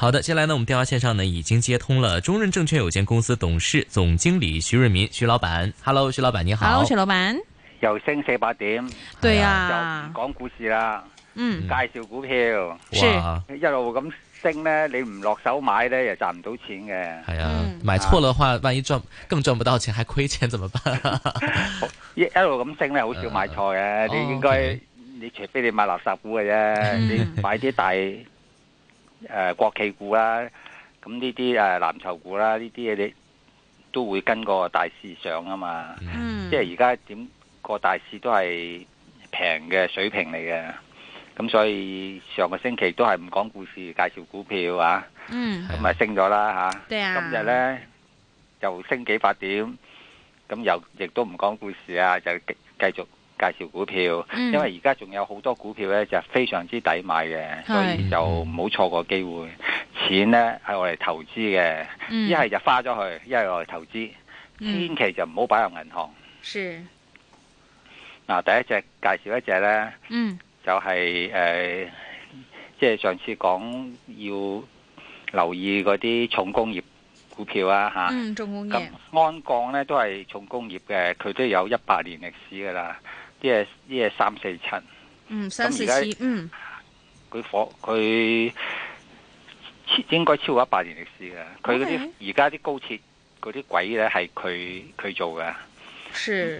好的，接下來呢，我們電話線上呢已經接通了中潤證券有限公司董事總經理徐潤民，徐老闆，Hello，徐老闆，你好，Hello，徐老闆，又升四百點，對呀、啊，唔講故事啦，嗯，唔介紹股票，哇是，一路咁升咧，你唔落手買咧，又賺唔到錢嘅，係啊、哎，嗯、買錯的話，啊、萬一賺更賺唔到錢，還虧錢怎麼辦、啊？一一路咁升咧，好少買錯嘅，呃、你應該，嗯、你除非你買垃圾股嘅啫，嗯、你買啲大。誒，國企股啦，咁呢啲誒藍籌股啦，呢啲嘢你都會跟個大市上啊嘛，即係而家點個大市都係平嘅水平嚟嘅，咁所以上個星期都係唔講故事介紹股票啊，咁啊升咗啦吓，今日呢又升幾百點，咁又亦都唔講故事啊，就繼繼續。介紹股票，因為而家仲有好多股票咧，就非常之抵買嘅，所以就唔好錯過機會。錢咧係我哋投資嘅，一係、嗯、就花咗去，一係我哋投資，嗯、千祈就唔好擺入銀行。嗱是、啊，第一隻介紹一隻咧、嗯就係呃，就係誒，即係上次講要留意嗰啲重工業股票啊，吓、嗯。重工業。咁、啊、安鋼咧都係重工業嘅，佢都有一百年歷史噶啦。啲嘢啲三四七，嗯，三四七，嗯，佢火佢，應該超過一百年歷史嘅，佢嗰啲而家啲高鐵嗰啲軌咧係佢佢做嘅，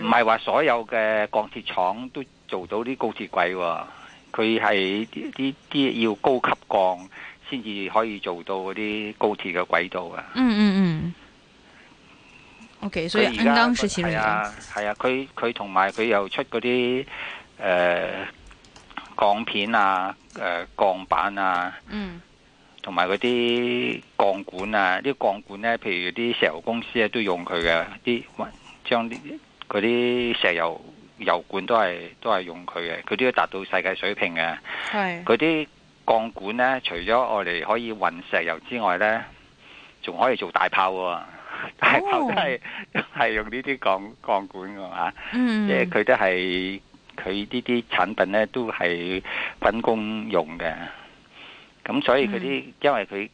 唔係話所有嘅鋼鐵廠都做到啲高鐵軌，佢係啲啲要高級鋼先至可以做到嗰啲高鐵嘅軌道嘅，嗯，嗯嗯嗯。O K，所以香港啊，係啊，佢佢同埋佢又出嗰啲誒鋼片啊，誒、呃、鋼板啊，嗯，同埋嗰啲鋼管啊，啲鋼管咧，譬如啲石油公司啊，都用佢嘅啲運將啲啲石油油管都係都係用佢嘅，佢都要達到世界水平嘅。係是。啲鋼管咧，除咗我哋可以運石油之外咧，仲可以做大炮啊。大頭都係係、oh. 用呢啲鋼鋼管嘅嘛，即係佢都係佢呢啲產品咧都係分工用嘅，咁所以佢啲、mm. 因為佢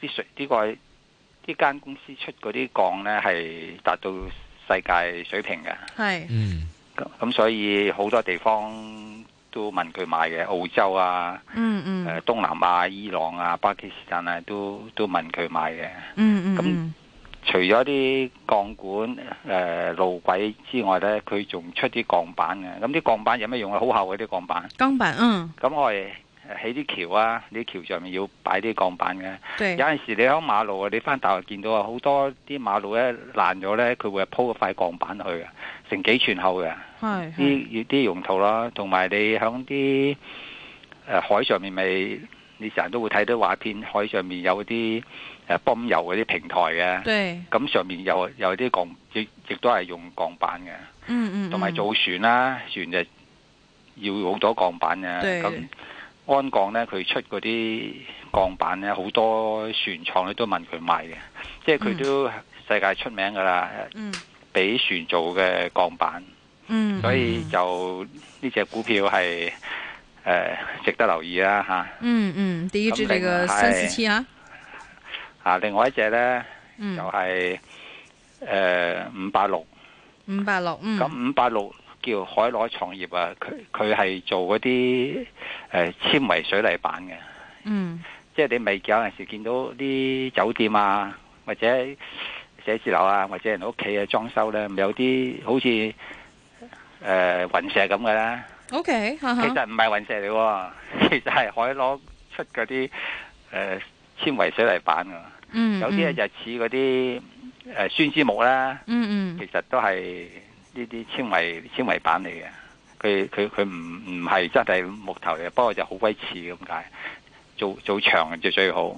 啲水呢個呢間公司出嗰啲鋼咧係達到世界水平嘅，係、mm.，咁所以好多地方都問佢買嘅，澳洲啊，嗯嗯、mm，誒、hmm. 東南亞、伊朗啊、巴基斯坦啊都都問佢買嘅，嗯嗯、mm。Hmm. 除咗啲鋼管、誒、呃、路軌之外呢，佢仲出啲鋼板嘅。咁啲鋼板有咩用很的、嗯、啊？好厚嘅啲鋼板。鋼板嗯。咁我哋起啲橋啊，啲橋上面要擺啲鋼板嘅。對有陣時候你喺馬路啊，你翻大學見到啊，好多啲馬路咧爛咗呢，佢會鋪一塊鋼板去嘅，成幾寸厚嘅。係是。啲啲用途啦，同埋你喺啲、呃、海上面咪、就是。你成日都會睇到畫片，海上面有啲誒泵油嗰啲平台嘅，咁對上面有有啲鋼亦亦都係用鋼板嘅，同埋造船啦，船就要好多鋼板嘅，咁對安鋼呢，佢出嗰啲鋼板呢，好多船廠咧都問佢賣嘅，即係佢都世界出名噶啦，俾、嗯、船做嘅鋼板，嗯，嗯，所以就呢隻股票係。誒，值得留意啦吓。嗯嗯，第一隻呢個三四七啊，吓另外，一隻咧，又係誒五百六。五百六，嗯。咁五百六叫海螺創業啊，佢佢係做嗰啲誒纖維水泥板嘅。嗯。即係你咪有陣時見到啲酒店啊，或者寫字樓啊，或者人屋企嘅裝修咧，咪有啲好似誒雲石咁嘅啦。O、okay, K，、uh huh. 其實唔係雲石嚟，其實係可以攞出嗰啲誒纖維水泥板噶。嗯、mm，hmm. 有啲咧就似嗰啲誒酸枝木啦。嗯嗯、mm，hmm. 其實都係呢啲纖維纖維板嚟嘅。佢佢佢唔唔係真係木頭嚟，不過就好鬼似咁解做做牆就最好。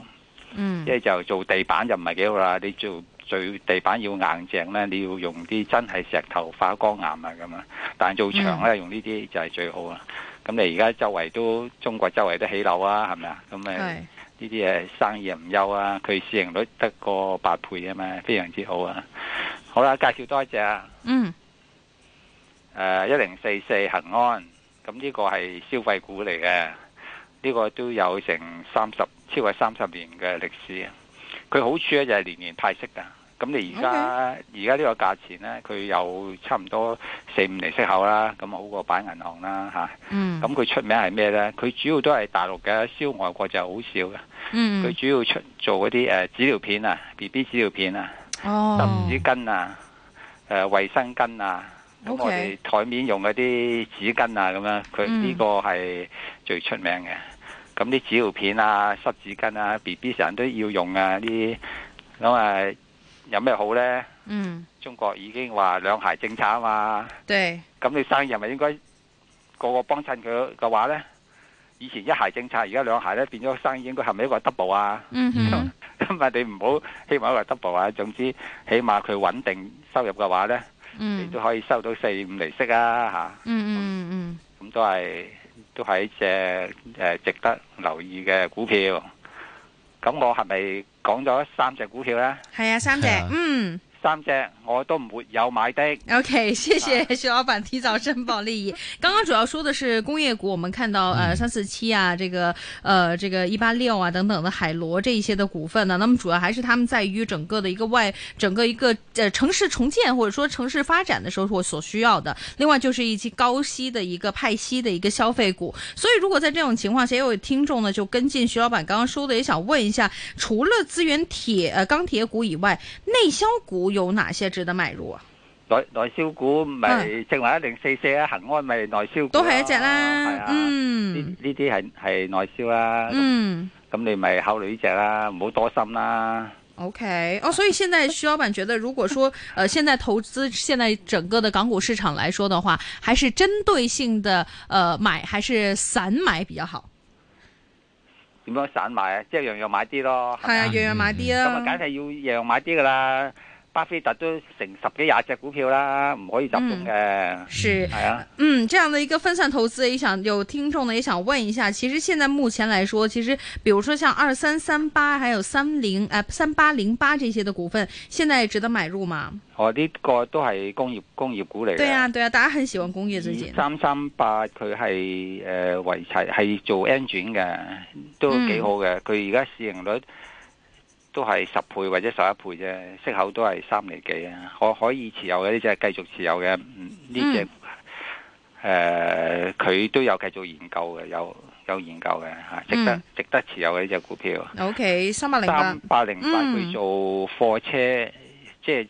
嗯、mm，即、hmm. 係就做地板就唔係幾好啦。你做。最地板要硬淨咧，你要用啲真係石頭花崗岩啊咁啊！但係做牆咧用呢啲就係最好啊！咁你而家周圍都中國周圍都起樓啊，係咪啊？咁啊呢啲誒生意啊唔休啊！佢市盈率得個八倍啊嘛，非常之好啊！好啦，介紹多一隻嗯誒一零四四恒安，咁呢個係消費股嚟嘅，呢個都有成三十超過三十年嘅歷史，佢好處咧就係年年派息噶。咁你而家而家呢個價錢咧，佢有差唔多四五釐息口啦，咁好過擺銀行啦咁佢、mm. 啊、出名係咩咧？佢主要都係大陸嘅，銷外國就好少嘅。佢、mm. 主要出做嗰啲誒紙尿片啊、B B 紙尿片啊，濕紙、oh. 巾啊、誒、呃、衛生巾啊。咁我哋台 Okay. 面用嗰啲紙巾啊，咁樣佢呢個係、mm. 最出名嘅。咁啲紙尿片啊、濕紙巾啊、B B 成日都要用啊啲，有咩好呢？嗯，中國已經話兩孩政策啊嘛。對。咁你生意係咪應該個個幫襯佢嘅話呢？以前一孩政策，而家兩孩呢變咗生意應該係咪一個 double 啊？嗯哼。咁咪你唔好希望一個 double 啊！總之起碼佢穩定收入嘅話呢，你都可以收到四五釐息啊嚇。嗯嗯嗯。咁都係都係一隻誒值得留意嘅股票。咁我係咪？講咗三隻股票啦，係啊，三隻，啊、嗯。三隻我都沒有買的。OK，謝謝徐老闆提早申報利益。剛剛 主要說的是工業股，我們看到呃三四七啊，這個呃這個一八六啊等等的海螺這一些的股份呢、啊，那麼主要還是他們在於整個的一個外整個一個呃城市重建或者說城市發展的時候所所需要的。另外就是一些高息的一個派息的一個消費股。所以如果在這種情況下，也有聽眾呢就跟進徐老闆剛剛說的，也想問一下，除了資源鐵呃鋼鐵股以外，內銷股。有哪些值得買入啊？內內銷股咪正話一零四四啊，恒、啊、安咪內銷股、啊、都係一隻啦、啊、嗯，呢呢啲係係內銷啦、啊，嗯，咁你咪考慮呢隻啦、啊，唔好多心啦、啊。OK，哦，所以現在徐老闆覺得，如果說，誒、 呃，現在投資，現在整個的港股市場來說的話，還是針對性的，誒、呃，買還是散買比較好？點樣散買啊？即係樣樣買啲咯，係啊，樣樣買啲啊。咁啊、嗯，梗係、嗯、要樣樣買啲噶啦。巴菲特都成十幾廿隻股票啦，唔可以集中嘅、嗯。是係啊，嗯，這樣的一個分散投資，也想有聽眾呢，也想問一下，其實現在目前來說，其實，比如說像二三三八，還有三零誒三八零八這些的股份，現在值得買入嗎？哦，呢、這個都係工業工業股嚟嘅。對啊，對啊，大家很喜歡工業資金。三三八佢係誒濰柴係做 engine 嘅，都幾好嘅。佢而家市盈率。都係十倍或者十一倍啫，息口都係三厘幾啊！可可以持有嘅，呢隻，繼續持有嘅，呢隻誒，佢、嗯呃、都有繼續研究嘅，有有研究嘅吓，值得、嗯、值得持有嘅。呢隻股票。O K. 三八零八，三八零八做貨車，即係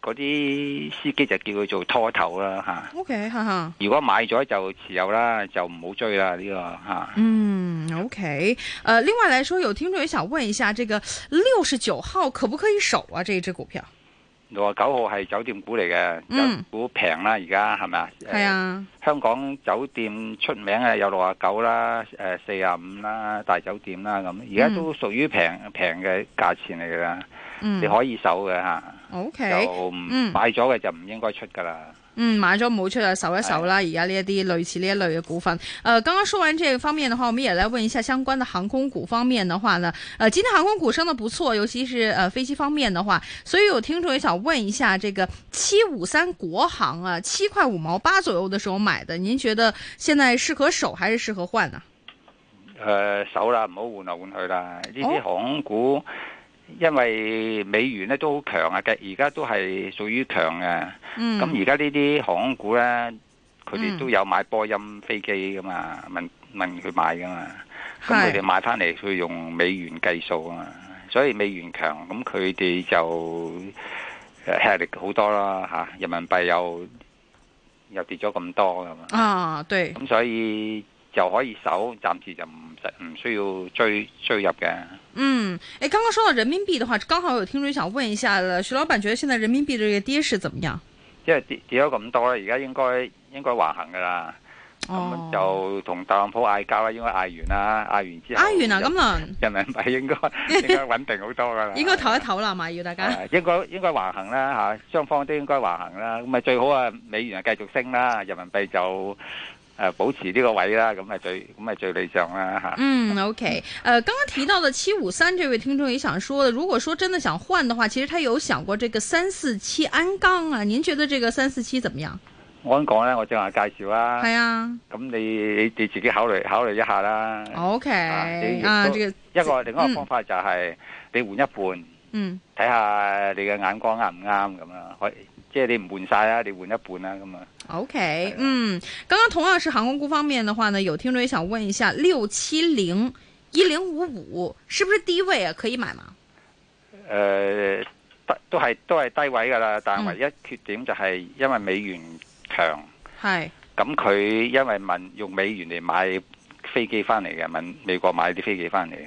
嗰啲司機就叫佢做拖頭啦吓。啊、o Okay , K. 如果買咗就持有啦，就唔好追啦呢、這個吓。啊、嗯。O K，誒，另外來說，有聽眾也想問一下，這個六十九號可不可以守啊？這一支股票，六十九號係酒店股嚟嘅，嗯、股平啦，而家係咪啊？係啊、呃，香港酒店出名啊，有六啊九啦，誒、呃，四啊五啦，大酒店啦，咁而家都屬於平平嘅價錢嚟噶，嗯、你可以守嘅吓。O K，啊、就、嗯、買咗嘅就唔應該出噶啦。嗯，買咗冇出嚟，守一守啦。而家呢一啲類似呢一類嘅股份，呃，剛剛說完呢個方面嘅話，我們也嚟問一下相關嘅航空股方面嘅話呢？呃，今天航空股升得不錯，尤其是呃，飛機方面嘅話，所以有聽眾也想問一下，這個七五三國航啊，七塊五毛八左右的時候買的，您覺得現在適合守還是適合換呢？呃，守啦，唔好換來換去啦，呢啲航空股。Oh? 因為美元咧都好強啊，嘅而家都係屬於強嘅。咁而家呢啲航空股咧，佢哋都有買波音飛機噶嘛，嗯、問問佢買噶嘛，咁佢哋買翻嚟佢用美元計數啊嘛，是所以美元強，咁佢哋就壓力好多啦吓，人民幣又又跌咗咁多噶嘛。啊，對。咁所以就可以守，暫時就唔。唔需要追追入嘅。嗯，誒，剛剛說到人民幣嘅話，剛好有聽眾想問一下，徐老闆覺得現在人民幣嘅跌勢怎麼樣？因為跌咗咁多啦，而家應該應該橫行噶啦。咁、哦嗯、就同特朗普嗌交啦，應該嗌完啦，嗌完之後。嗌完啦、啊，咁啦入。天人民幣應該 應該穩定好多噶啦 應投投、啊。應該唞一唞啦，咪要大家。應該應該橫行啦吓、啊，雙方都應該橫行啦。咁咪最好啊，美元啊繼續升啦，人民幣就。誒、呃，保持呢個位啦，咁咪最，咁咪最理想啦吓。啊、嗯，OK。誒、呃，剛剛提到嘅七五三，這位聽眾也想說，的如果說真的想換嘅話，其實他有想過這個三四七鞍鋼啊。您覺得這個三四七怎麼樣？我講咧，我正話介紹啦。係啊。咁你你你自己考慮考慮一下啦。OK。啊，啊這個嗯、一個另外一個方法就係你換一半。嗯。睇下你嘅眼光啱唔啱咁可以。即係你唔換晒啦，你換一半啦咁啊。OK，嗯，剛剛同樣是航空股方面的話呢，有聽眾想問一下六七零一零五五是不是低位啊？可以買嗎？誒、呃，都都係都係低位噶啦，但係唯一缺點就係因為美元強，係咁佢因為民用美元嚟買。飛機翻嚟嘅，問美國買啲飛機翻嚟嘅，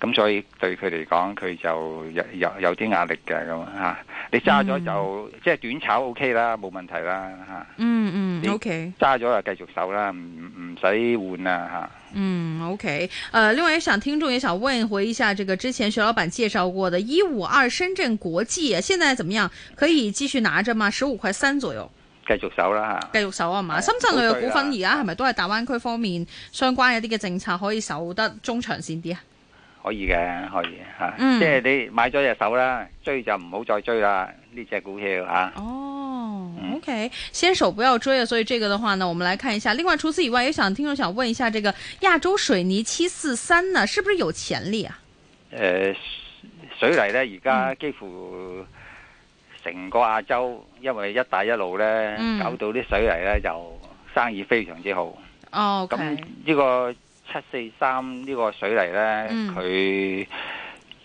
咁、嗯、所以對佢嚟講，佢就有有有啲壓力嘅咁啊。你揸咗就、嗯、即係短炒 OK 啦，冇問題啦嚇、啊嗯。嗯嗯，OK。揸咗就繼續守啦，唔唔使換啦啊嚇。嗯，OK。誒、呃，另外想聽眾也想問回一下，這個之前徐老闆介紹過的152深圳國際、啊，現在怎麼樣？可以繼續拿着嗎？十五塊三左右。繼續守啦，吓，繼續守啊嘛，深圳類嘅股份而家係咪都係大灣區方面相關一啲嘅政策可以守得中長綫啲啊？可以嘅，可以吓，即係你買咗只手啦，追就唔好再追啦呢隻股票吓。啊、哦、嗯，OK，先守不要追了，所以這個的話呢，我們來看一下。另外，除此以外，有想聽眾想問一下，這個亞洲水泥七四三呢，是不是有潛力啊？誒、呃，水泥咧而家幾乎、嗯。成個亞洲，因為一帶一路呢，搞到啲水泥呢就生意非常之好。哦，咁呢個七四三呢個水泥呢，佢、嗯、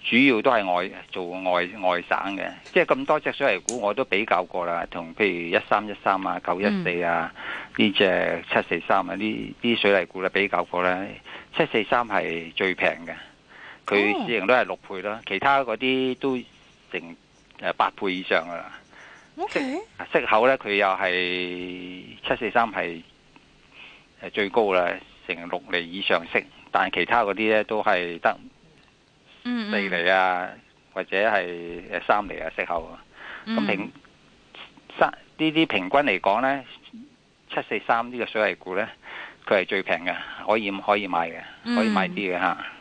主要都係外做外外省嘅。即係咁多隻水泥股，我都比較過啦。同譬如一三一三啊、九一四啊呢隻七四三啊，呢啲、嗯啊、水泥股咧比較過咧，七四三係最平嘅，佢市盈都係六倍啦。Oh. 其他嗰啲都成。誒，八倍以上噶啦，息，Okay. 息口咧，佢又係七四三係係最高啦，成六厘以上息，但係其他嗰啲咧都係得四厘啊，mm hmm. 或者係誒三厘啊息口。咁、mm hmm. 平三呢啲平均嚟講咧，七四三呢個水泥股咧，佢係最平嘅，可以可以買嘅，可以買啲嘅吓。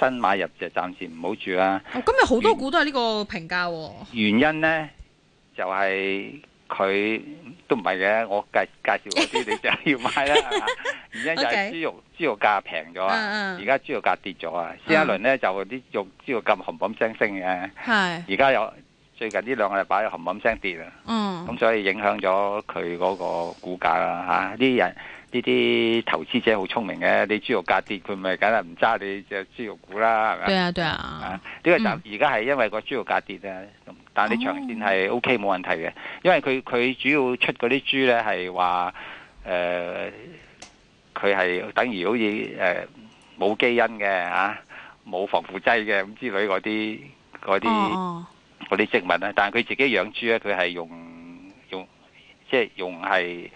新買入就暫時唔好住啦、啊哦。今日好多股都係、哦、呢個評價。原因咧就係佢都唔係嘅，我介介紹嗰啲你就要買啦。而家就係豬肉，豬 肉價平咗啊！而家豬肉價跌咗啊！先、嗯、一輪咧就啲肉豬肉咁嘭嘭聲升嘅，而家是有最近呢兩個禮拜又嘭嘭聲跌啊！咁、嗯、所以影響咗佢嗰個股價啊！吓啲人。呢啲投資者好聰明嘅，你豬肉價跌，佢咪梗係唔揸你隻豬肉股啦，係咪啊？對啊，對啊。呢個就而家係因為個豬肉價跌啊，但係你長線係 OK 冇問題嘅，因為佢佢主要出嗰啲豬咧係話誒，佢係等於好似誒冇基因嘅嚇，冇防腐劑嘅咁之類嗰啲嗰啲嗰啲植物咧，但係佢自己養豬咧，佢係用用即係用係。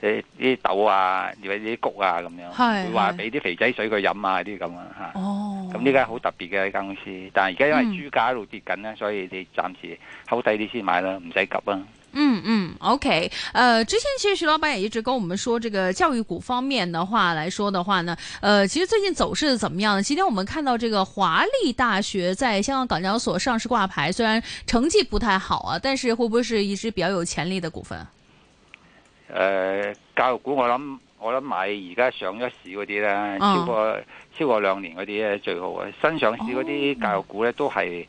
誒，啲豆啊，或者啲谷啊，咁樣，是是會話俾啲肥仔水佢飲啊這這樣，啲咁啊吓。哦，咁呢間好特別嘅一間公司，哦、但係而家因為豬價一路跌緊咧，嗯、所以你暫時候低啲先買啦，唔使急啊。嗯嗯，OK，誒、呃，之前其實徐老闆也一直跟我們說，這個教育股方面的話來說的話呢，誒、呃，其實最近走勢怎麼樣呢？今天我們看到這個華立大學在香港港交所上市掛牌，雖然成績不太好啊，但是會不會是一隻比較有潛力的股份？誒，uh, 教育股，我諗我諗買而家上咗市嗰啲咧超過超過兩年嗰啲咧最好啊！新上市嗰啲教育股咧都係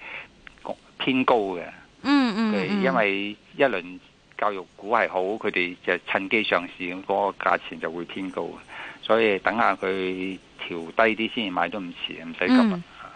偏高嘅，嗯嗯、oh. 因為一輪教育股係好，佢哋就趁機上市，個價錢就會偏高，所以等下佢調低啲先買都唔遲，唔使急。Oh.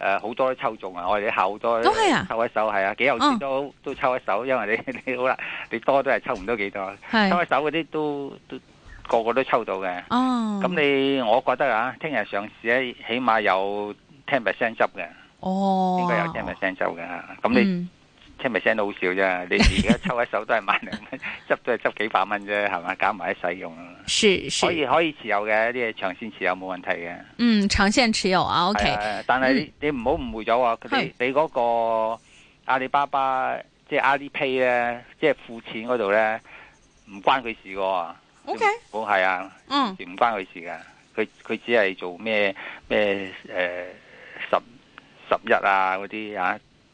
誒好、呃、多都抽中啊！我哋啲好多抽一手係 Okay? 啊，幾有錢都都抽一手，oh. 因為你你好啦，你多都係抽唔到幾多，是抽一手嗰啲都都個個都抽到嘅。咁、oh. 你我覺得啊，聽日上市咧，起碼有十 percent jump 嘅，oh. 應該有十 percent jump 嘅，咁你？Mm. 即係咪升到好少啫？你而家抽一手都係萬零蚊，執都係執幾百蚊啫，係嘛？搞埋一使用，是是，是可以可以持有嘅，啲嘢長線持有冇問題嘅。嗯，長線持有啊，OK。但係你唔好誤會咗啊！你、嗯、你嗰、嗯、個阿里巴巴即係阿里 Pay 咧，即、就、係、是就是、付錢嗰度咧，唔關佢事噶。OK。好係啊。嗯。唔關佢事噶，佢佢只係做咩咩誒十十一啊嗰啲啊。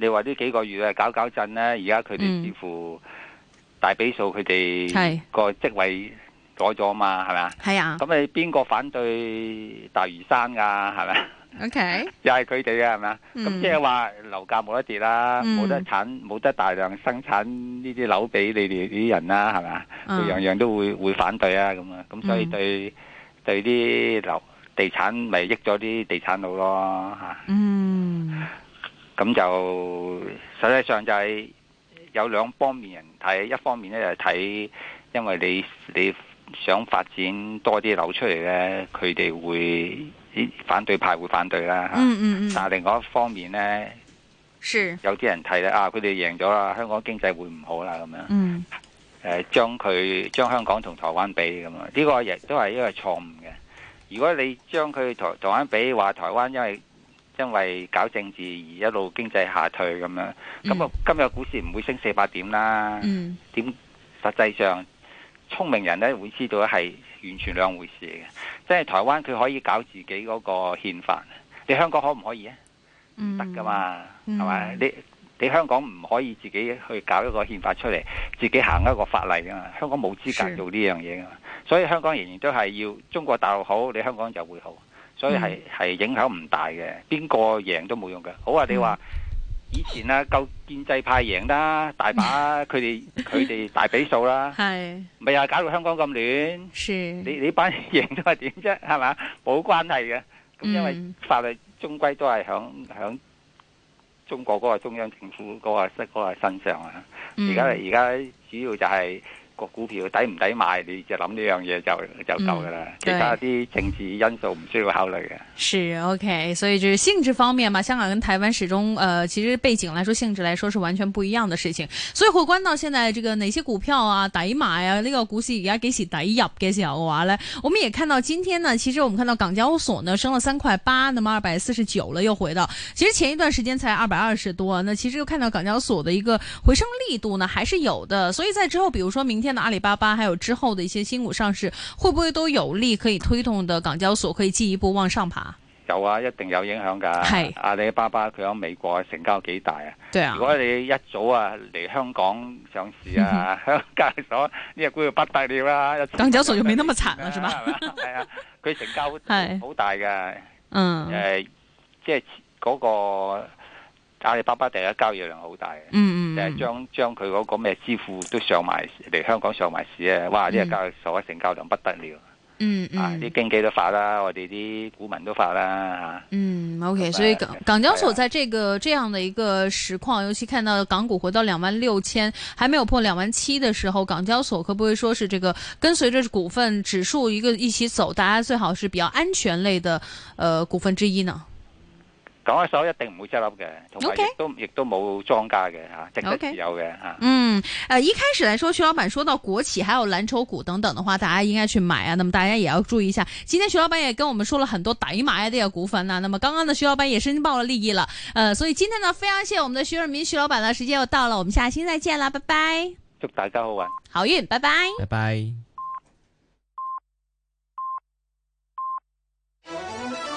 你話呢幾個月啊，搞搞震咧，而家佢哋似乎大比數佢哋個職位改咗啊嘛，係咪啊？係啊。咁你邊個反對大嶼山噶？係咪？OK，又係佢哋啊，係咪啊？咁即係話樓價冇得跌啦，冇得產，冇得大量生產呢啲樓俾你哋啲人啦，係咪啊？樣樣都會會反對啊，咁啊，咁所以對對啲樓地產咪益咗啲地產佬咯，吓。嗯。咁就實際上就係有兩方面人睇，一方面咧就係睇，因為你你想發展多啲樓出嚟咧，佢哋會反對派會反對啦吓。嗯嗯嗯。但係另外一方面咧，是有啲人睇咧啊，佢哋贏咗啦，香港經濟會唔好啦咁樣。嗯。呃，將佢將香港同台灣比咁樣呢個亦都係一個錯誤嘅。如果你將佢台台灣比話，話台灣因為因為搞政治而一路經濟下退咁樣，咁啊、嗯、今日股市唔會升四百點啦。點、嗯、實際上聰明人咧會知道係完全兩回事嘅。即係台灣佢可以搞自己嗰個憲法，你香港可唔可以啊？唔得噶嘛，係咪、嗯嗯？你你香港唔可以自己去搞一個憲法出嚟，自己行一個法例噶嘛。香港冇資格做呢樣嘢噶嘛，是所以香港仍然都係要中國大陸好，你香港就會好。所以係係影響唔大嘅，邊個贏都冇用嘅。好話，啊，你話以前啊，夠建制派贏啦，大把佢哋佢哋大比數啦，係咪又搞到香港咁亂是？你你班贏都係點啫？係嘛，冇關係嘅。咁因為法律終歸都係響響中國嗰個中央政府嗰個嗰個身上啊。而家而家主要就係，是。個股票抵唔抵買，你就諗呢樣嘢就就夠㗎喇。嗯，其他啲政治因素唔需要考慮嘅。是 OK，所以就是性質方面嘛，香港跟台灣始終，呃，其實背景來說，性質來說是完全不一樣的事情。所以回觀到現在，這個哪些股票啊，抵買啊，呢、這個股市而家幾時抵入，幾時有啊呢？我們也看到今天呢，其實我們看到港交所呢升了三塊八，那麼二百四十九了，又回到。其實前一段時間才二百二十多，那其實又看到港交所的一個回升力度呢，還是有的。所以在之後，比如說明天。阿里巴巴還有之後的一些新股上市，會不會都有力可以推動的港交所可以進一步往上爬？有啊，一定有影響㗎。係是阿里巴巴佢響美國成交幾大啊？對啊。如果你一早啊嚟香港上市啊，嗯、哼香港交易所呢隻、這個、股票不大料啦。港交所又沒那麼慘啦，是嘛？係啊，佢成交好是大㗎。嗯。誒、呃，即係嗰、那個。阿里巴巴第一交易量好大，就係將將佢嗰個咩支付都上埋嚟香港上埋市啊！哇，啲、這個、交易所的成交量不得了。嗯嗯，啲、嗯啊、經紀都發啦，我哋啲股民都發啦。嗯，OK，是是所以港港交所在這個這樣的一個實況，尤其看到港股回到兩萬六千，還沒有破兩萬七的時候，港交所可不可以說是這個跟隨着股份指數一個一起走，大家最好是比較安全類的，呃，股份之一呢？講嘅時候一定唔會執笠嘅，同埋都亦 Okay. 都冇莊家嘅吓，值得持有嘅吓。Okay. 啊、嗯，一開始來說，徐老闆說到國企還有藍籌股等等的話，大家應該去買啊。那麼大家也要注意一下，今天徐老板也跟我們說了很多抵買嘅股份啊。那麼剛剛呢，徐老闆也申報了利益了、呃、所以今天呢，非常謝謝我們的徐潤民徐老闆的時間又到了，我們下期再見啦，拜拜。祝大家好玩好運，拜拜，拜拜。拜拜。